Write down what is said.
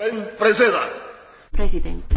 president.